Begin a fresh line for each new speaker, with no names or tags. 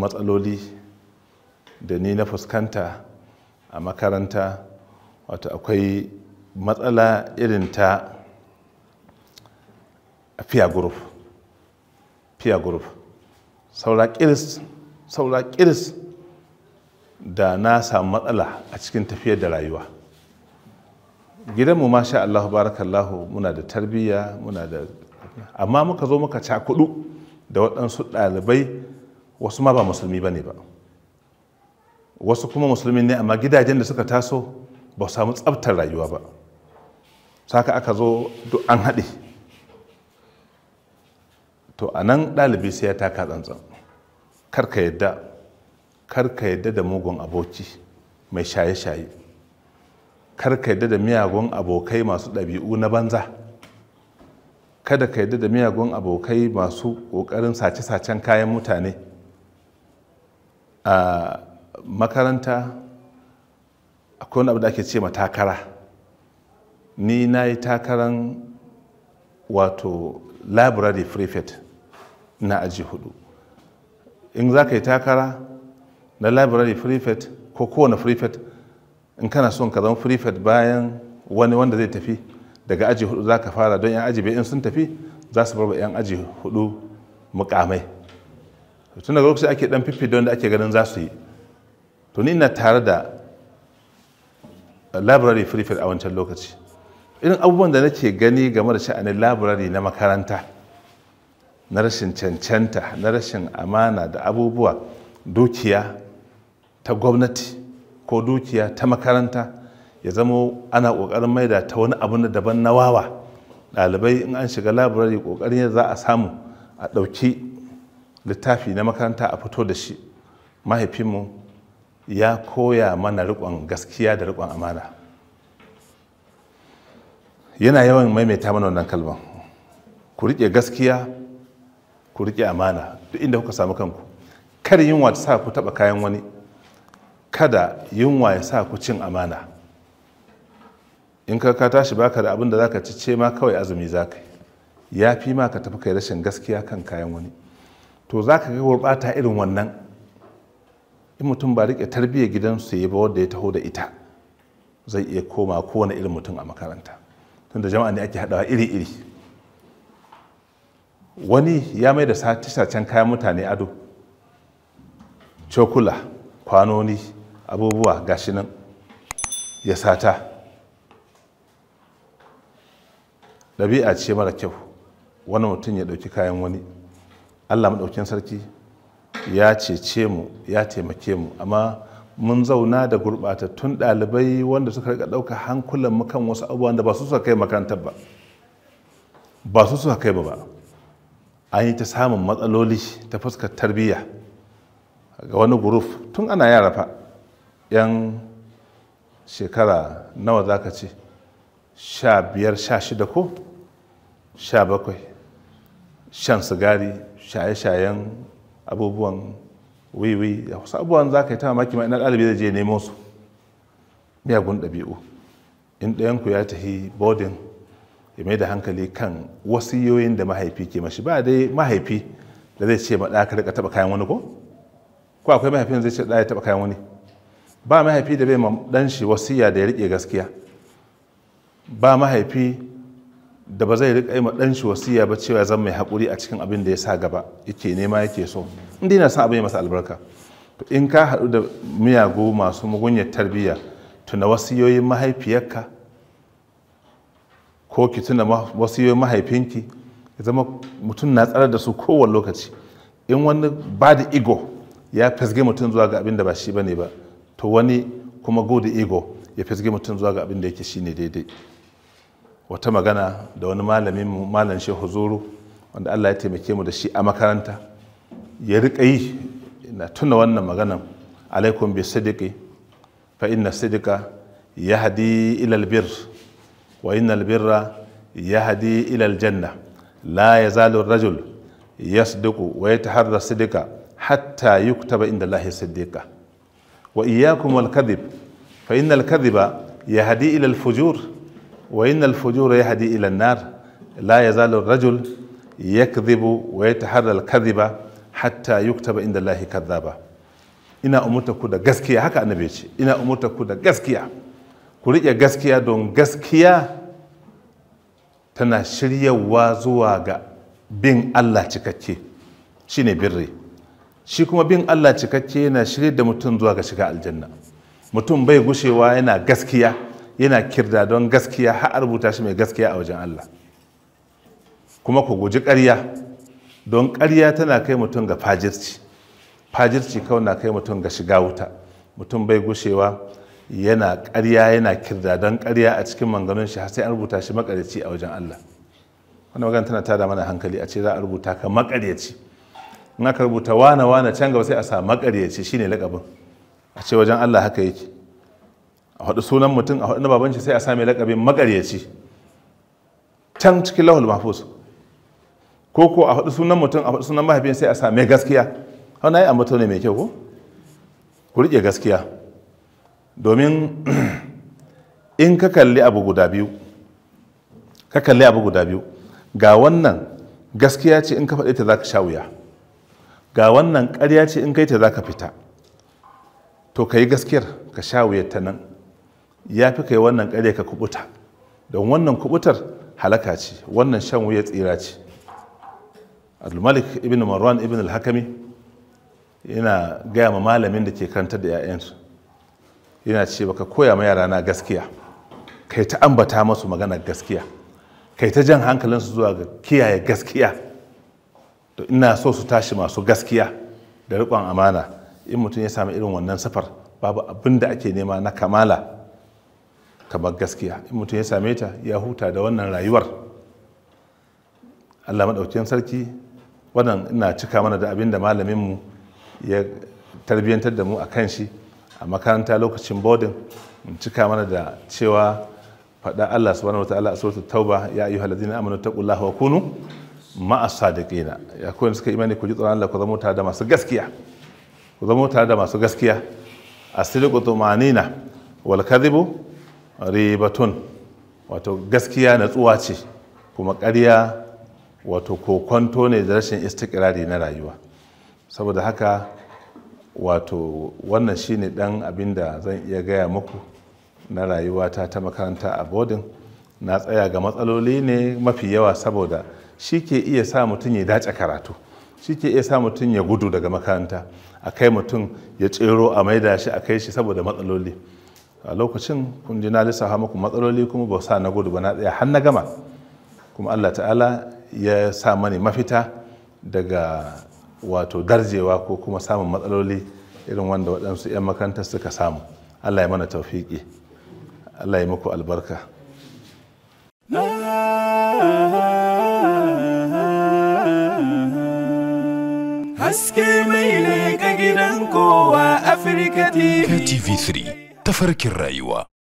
matsaloli da ni na fuskanta a makaranta wato akwai matsala irin ta a group group saura kiris saura kiris da na samu matsala a cikin tafiyar da rayuwa gidanmu masha Allah barakallahu muna da tarbiyya muna da amma muka zo muka cakudu da waɗansu ɗalibai wasu ma ba musulmi ba ne ba wasu kuma musulmi ne amma gidajen da suka taso ba su samu tsabtar rayuwa ba saka aka zo duk an haɗe to a nan ɗalibi sai ya taka tsantsan karka yadda karka yadda da mugun aboki mai shaye-shaye karka yadda da miyagun abokai masu ɗabi'u na banza kada ka yadda da miyagun abokai masu ƙoƙarin sace-sacen kayan mutane a makaranta akwai wani abu da ake ce ma takara ni na yi takaran wato library prefect na aji hudu in za ka yi takara na library prefect ko kowane prefect in kana son ka zama prefect bayan wani wanda zai tafi daga aji hudu za ka fara don 'yan aji bai in sun tafi za su barba 'yan aji hudu mukamai tun daga lokacin ake dan fifi da ake ganin za su yi to ni na tare da library firifir a wancan lokaci irin abubuwan da nake gani game da sha'anin library na makaranta na rashin cancanta na rashin amana da abubuwa dukiya ta gwamnati ko dukiya ta makaranta ya zama ana ƙoƙarin maida ta wani abu na daban na wawa ɗalibai in an shiga labirari ƙoƙarin yadda za a samu a ɗauki littafi na makaranta a fito da shi mahaifinmu ya koya mana riƙon gaskiya da riƙon amana yana yawan maimaita mana wannan kalban ku riƙe gaskiya ku riƙe amana duk inda kuka samu kanku kar yunwa ta sa ku taɓa kayan wani kada yunwa ya sa ku cin amana in ka ka tashi baka da abin da zaka ci ce ma kawai azumi za ka yi ya fi ma ka tafi kai rashin gaskiya kan kayan wani to za ka ga gurɓata irin wannan in mutum ba riƙe tarbiyyar gidansu ya ba wadda ya taho da ita zai iya koma kowane irin mutum a makaranta tunda jama'a ne ake haɗawa iri-iri wani ya mai da sacen kayan mutane ado cokula kwanoni abubuwa gashi nan ya sata ɗabi'a ce mara kyau wani mutum ya ɗauki kayan wani allah maɗaukin sarki ya cece mu ya taimake mu amma mun zauna da gurɓatattun ɗalibai wanda suka rika ɗauka hankulan mu kan wasu abubuwan da ba su suka kai makarantar ba ba su suka kai ba ba an yi ta samun matsaloli ta fuskar tarbiyya ga wani guruf tun ana yara fa yan shekara nawa za ka ce sha biyar sha shida ko sha bakwai shan sigari shaye-shayen abubuwan wiwi da wasu abubuwan za ka yi ta mamaki ma ina ɗalibi zai je nemo su miyagun ɗabi'u in ɗayanku ya tafi bodin ya mai da hankali kan wasiyoyin da mahaifi ke mashi ba dai mahaifi da zai ce maɗa ka rika taɓa kayan wani ko ko akwai mahaifin zai ce ɗaya taɓa kayan wani ba mahaifi da bai ma ɗan shi wasiya da ya riƙe gaskiya ba mahaifi da ba zai riƙa yi ma ɗanshi wasiya ba cewa zan mai haƙuri a cikin abin da ya sa gaba yake nema yake so Inda yana son abin ya masa albarka to in ka haɗu da miyagu masu mugunyar tarbiyya tuna wasiyoyin mahaifiyarka ko ki tuna wasiyoyin mahaifinki ya zama mutum na tsara da su kowane lokaci in wani ba da ego ya fasge mutum zuwa ga abin da ba shi ba ne ba to wani kuma go da ego ya fasge mutum zuwa ga abin da yake shi ne daidai wata magana da wani malamin mu malam shehu zuru wanda allah ya taimake mu da shi a makaranta ya riƙa yi na tuna wannan maganan alaikum bi sadiqi fa inna sadiqa yahdi ila albir wa inna albirra yahdi ila aljanna la yazalu ar-rajul yasdiqu wa yataharra sadiqa hatta yuktaba inda allahi sadiqa wa iyyakum wal kadhib fa inna al-kadhiba yahdi ila al-fujur wa innal ya hadi ila nar la yazalu ar-rajul wa hatta inda ba ina umurta ku da gaskiya haka annabi ce ina umurta ku da gaskiya ku riƙe gaskiya don gaskiya tana shiryawa zuwa ga bin Allah cikakke shine birri shi kuma bin Allah cikakke yana shirye da mutum zuwa ga shiga aljanna mutum bai gushewa yana gaskiya yana kirda don gaskiya har rubuta shi mai gaskiya a wajen Allah kuma ku guji ƙarya don ƙarya tana kai mutum ga fajirci fajirci kawai na kai mutum ga shiga wuta mutum bai gushewa yana ƙarya yana kirda don ƙarya a cikin manganun shi har sai an rubuta shi makaryaci a wajen Allah Wani magana tana tada mana hankali a ce za a rubuta ka makaryaci in aka rubuta wana wana, can gaba sai a sa makaryaci shine lakabin a ce wajen Allah haka yake a haɗu sunan mutum a haɗu na baban shi sai a sami lakabin makaryaci can cikin lahul mafus ko ko a haɗu sunan mutum a haɗu sunan mahaifin sai a sami gaskiya hana yi ambato ne mai kyau ko ku riƙe gaskiya domin in ka kalli abu guda biyu ka kalli abu guda biyu ga wannan gaskiya ce in ka faɗi ta za ka sha wuya ga wannan ƙarya ce in kai ta za ka fita to ka yi gaskiyar ka sha wuyar ta nan ya fi kai wannan karya ka kubuta don wannan kubutar halaka ce wannan shan wuya tsira ce al-malik ibn marwan ibn al-hakami yana gaya ma malamin da ke karantar da 'ya'yansu yana ce baka koya ma yara na gaskiya kai ta ambata masu magana gaskiya kai ta jan hankalinsu zuwa ga kiyaye gaskiya to ina so su tashi masu gaskiya da riƙon amana in mutum ya sami irin wannan safar babu abin da ake nema na kamala kamar gaskiya in mutum ya same ta ya huta da wannan rayuwar allah maɗaukin sarki wannan ina cika mana da abin da malaminmu ya tarbiyyantar da mu a kan shi a makaranta lokacin bodin in cika mana da cewa faɗa allah subhanahu wataala a suratul tauba ya ayyuha allazina amanu taqullaha wa kunu ma'a sadiqina ya koyin suka imani ku ji tsoron allah ku zama tare da masu gaskiya ku zama tare da masu gaskiya as tumanina wal kadhibu ribatun wato gaskiya natsuwa ce kuma ƙarya wato kokonto ne da rashin istikirari na rayuwa saboda haka wato wannan shine ɗan abin da zan iya gaya muku na rayuwata ta makaranta a Bodin, na tsaya ga matsaloli ne mafi yawa saboda shi ke iya sa mutum ya dace karatu shi ke iya sa mutum ya gudu daga makaranta a kai mutum ya tsero a maida shi a kai shi saboda matsaloli a lokacin kun ji na lissafa muku matsaloli kuma ba sa na gudu ba na tsaya har na gama kuma Allah ta'ala ya sa mani mafita daga wato darjewa ko kuma samun matsaloli irin wanda waɗansu 'yan makaranta suka samu Allah ya mana taufiƙi Allah ya muku albarka haske mai ne ga gidan kowa afirka tv تفرك الرايوة